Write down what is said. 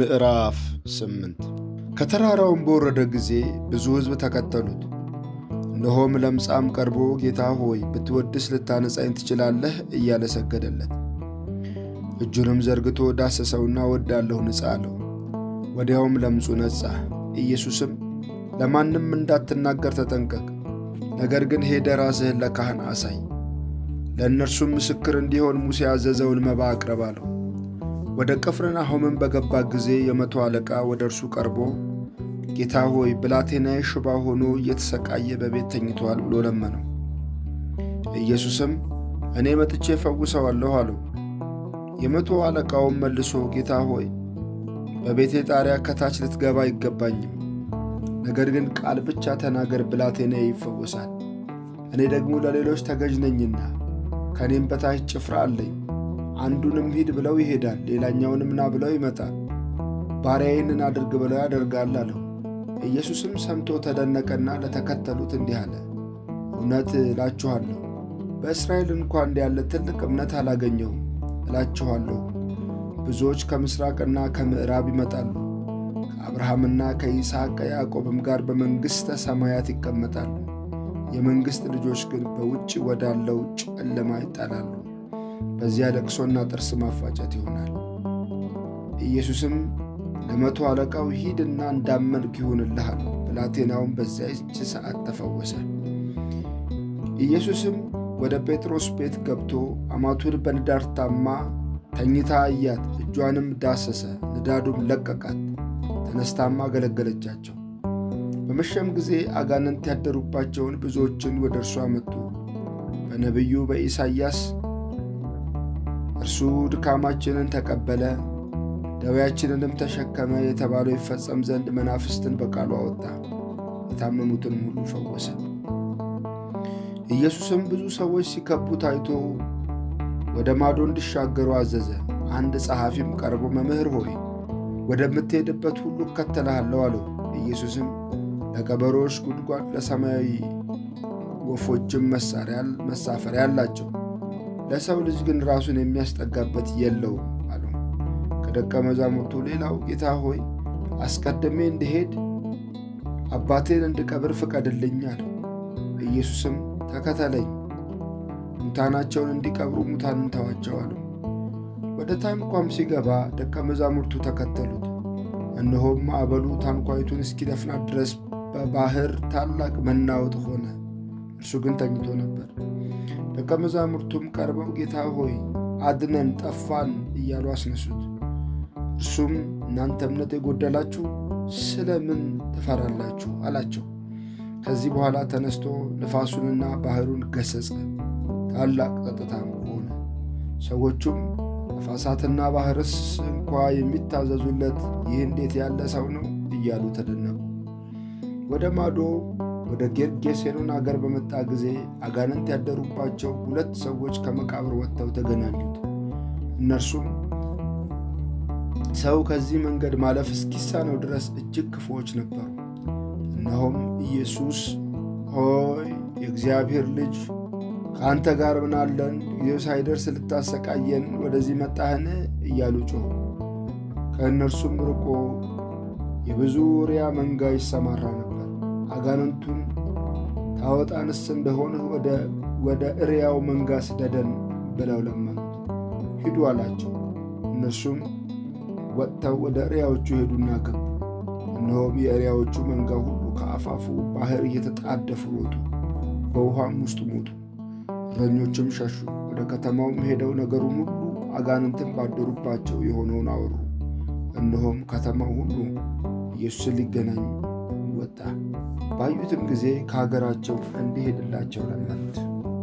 ምዕራፍ ስምንት ከተራራውን በወረደ ጊዜ ብዙ ሕዝብ ተከተሉት። እነሆም ለምጻም ቀርቦ ጌታ ሆይ ብትወድስ ልታነጻኝ ትችላለህ እያለ ሰገደለት። እጁንም ዘርግቶ ዳሰሰውና ወዳለሁ ንጻ አለው። ወዲያውም ለምጹ ነጻ። ኢየሱስም ለማንም እንዳትናገር ተጠንቀቅ፣ ነገር ግን ሄደ ራስህን ለካህን አሳይ፣ ለእነርሱም ምስክር እንዲሆን ሙሴ ያዘዘውን መባ አቅርብ አለው። ወደ ቅፍርናሆምም በገባ ጊዜ የመቶ አለቃ ወደ እርሱ ቀርቦ ጌታ ሆይ ብላቴናዬ ሽባ ሆኖ እየተሰቃየ በቤት ተኝቷል ብሎ ለመነው። ኢየሱስም እኔ መጥቼ ፈውሰዋለሁ አለው። የመቶ አለቃውም መልሶ ጌታ ሆይ በቤቴ ጣሪያ ከታች ልትገባ አይገባኝም፣ ነገር ግን ቃል ብቻ ተናገር ብላቴናዬ ይፈወሳል። እኔ ደግሞ ለሌሎች ተገዥ ነኝና ከእኔም በታች ጭፍራ አለኝ አንዱንም ሂድ ብለው ይሄዳል፣ ሌላኛውንም ና ብለው ይመጣል። ባሪያዬንን አድርግ ብለው ያደርጋል አለው። ኢየሱስም ሰምቶ ተደነቀና ለተከተሉት እንዲህ አለ፣ እውነት እላችኋለሁ በእስራኤል እንኳ እንዲህ ያለ ትልቅ እምነት አላገኘውም። እላችኋለሁ ብዙዎች ከምሥራቅና ከምዕራብ ይመጣሉ፣ ከአብርሃምና ከይስሐቅ ከያዕቆብም ጋር በመንግሥተ ሰማያት ይቀመጣሉ። የመንግሥት ልጆች ግን በውጭ ወዳለው ጨለማ ይጣላሉ። በዚያ ለቅሶና ጥርስ ማፋጨት ይሆናል። ኢየሱስም ለመቶ አለቃው ሂድና እንዳመንክ ይሁንልህ አለው። ብላቴናውም በዚያች ሰዓት ተፈወሰ። ኢየሱስም ወደ ጴጥሮስ ቤት ገብቶ አማቱን በንዳድ ታማ ተኝታ አያት። እጇንም ዳሰሰ፣ ንዳዱም ለቀቃት። ተነስታማ አገለገለቻቸው። በመሸም ጊዜ አጋንንት ያደሩባቸውን ብዙዎችን ወደ እርሷ መጡ። በነቢዩ በኢሳይያስ እርሱ ድካማችንን ተቀበለ ደዌያችንንም ተሸከመ የተባለው ይፈጸም ዘንድ መናፍስትን በቃሉ አወጣ፣ የታመሙትን ሁሉ ፈወሰ። ኢየሱስም ብዙ ሰዎች ሲከቡት አይቶ ወደ ማዶ እንዲሻገሩ አዘዘ። አንድ ጸሐፊም ቀርቦ መምህር ሆይ ወደምትሄድበት ሁሉ እከተልሃለሁ አለው። ኢየሱስም ለቀበሮዎች ጉድጓድ፣ ለሰማያዊ ወፎችም መሳፈሪያ አላቸው ለሰው ልጅ ግን ራሱን የሚያስጠጋበት የለውም አሉ። ከደቀ መዛሙርቱ ሌላው ጌታ ሆይ አስቀድሜ እንድሄድ አባቴን እንድቀብር ፍቀድልኝ አለው። ኢየሱስም ተከተለኝ፣ ሙታናቸውን እንዲቀብሩ ሙታንን ተዋቸው አሉ። ወደ ታንኳም ሲገባ ደቀ መዛሙርቱ ተከተሉት። እነሆም ማዕበሉ ታንኳይቱን እስኪደፍናት ድረስ በባህር ታላቅ መናወጥ ሆነ። እርሱ ግን ተኝቶ ነበር። ደቀ መዛሙርቱም ቀርበው ጌታ ሆይ አድነን፣ ጠፋን እያሉ አስነሱት። እርሱም እናንተ እምነት የጎደላችሁ ምን ትፈራላችሁ? አላቸው። ከዚህ በኋላ ተነስቶ ንፋሱንና ባህሩን ገሰጸ፣ ታላቅ ጸጥታም ሆነ። ሰዎቹም ነፋሳትና ባህርስ እንኳ የሚታዘዙለት ይህ እንዴት ያለ ሰው ነው እያሉ ተደነቁ። ወደ ማዶ ወደ ጌርጌሴኑን አገር በመጣ ጊዜ አጋንንት ያደሩባቸው ሁለት ሰዎች ከመቃብር ወጥተው ተገናኙት። እነርሱም ሰው ከዚህ መንገድ ማለፍ እስኪሳነው ድረስ እጅግ ክፉዎች ነበሩ። እነሆም ኢየሱስ ሆይ የእግዚአብሔር ልጅ ከአንተ ጋር ምናለን? አለን? ጊዜው ሳይደርስ ልታሰቃየን ወደዚህ መጣህን? እያሉ ጮኹ። ከእነርሱም ርቆ የብዙ ውሪያ መንጋ ይሰማራ ነበር። አጋንንቱን ታወጣንስ እንደሆንህ ወደ እርያው መንጋ ስደደን ብለው ለመኑት። ሂዱ አላቸው። እነርሱም ወጥተው ወደ እርያዎቹ ሄዱና ገቡ። እነሆም የእርያዎቹ መንጋ ሁሉ ከአፋፉ ባሕር እየተጣደፉ ወጡ፣ በውሃም ውስጥ ሞቱ። እረኞችም ሸሹ። ወደ ከተማውም ሄደው ነገሩን ሁሉ አጋንንትን ባደሩባቸው የሆነውን አወሩ። እነሆም ከተማው ሁሉ ኢየሱስን ሊገናኝ ወጣ። ባዩትም ጊዜ ከሀገራቸው እንዲሄድላቸው ለመኑት።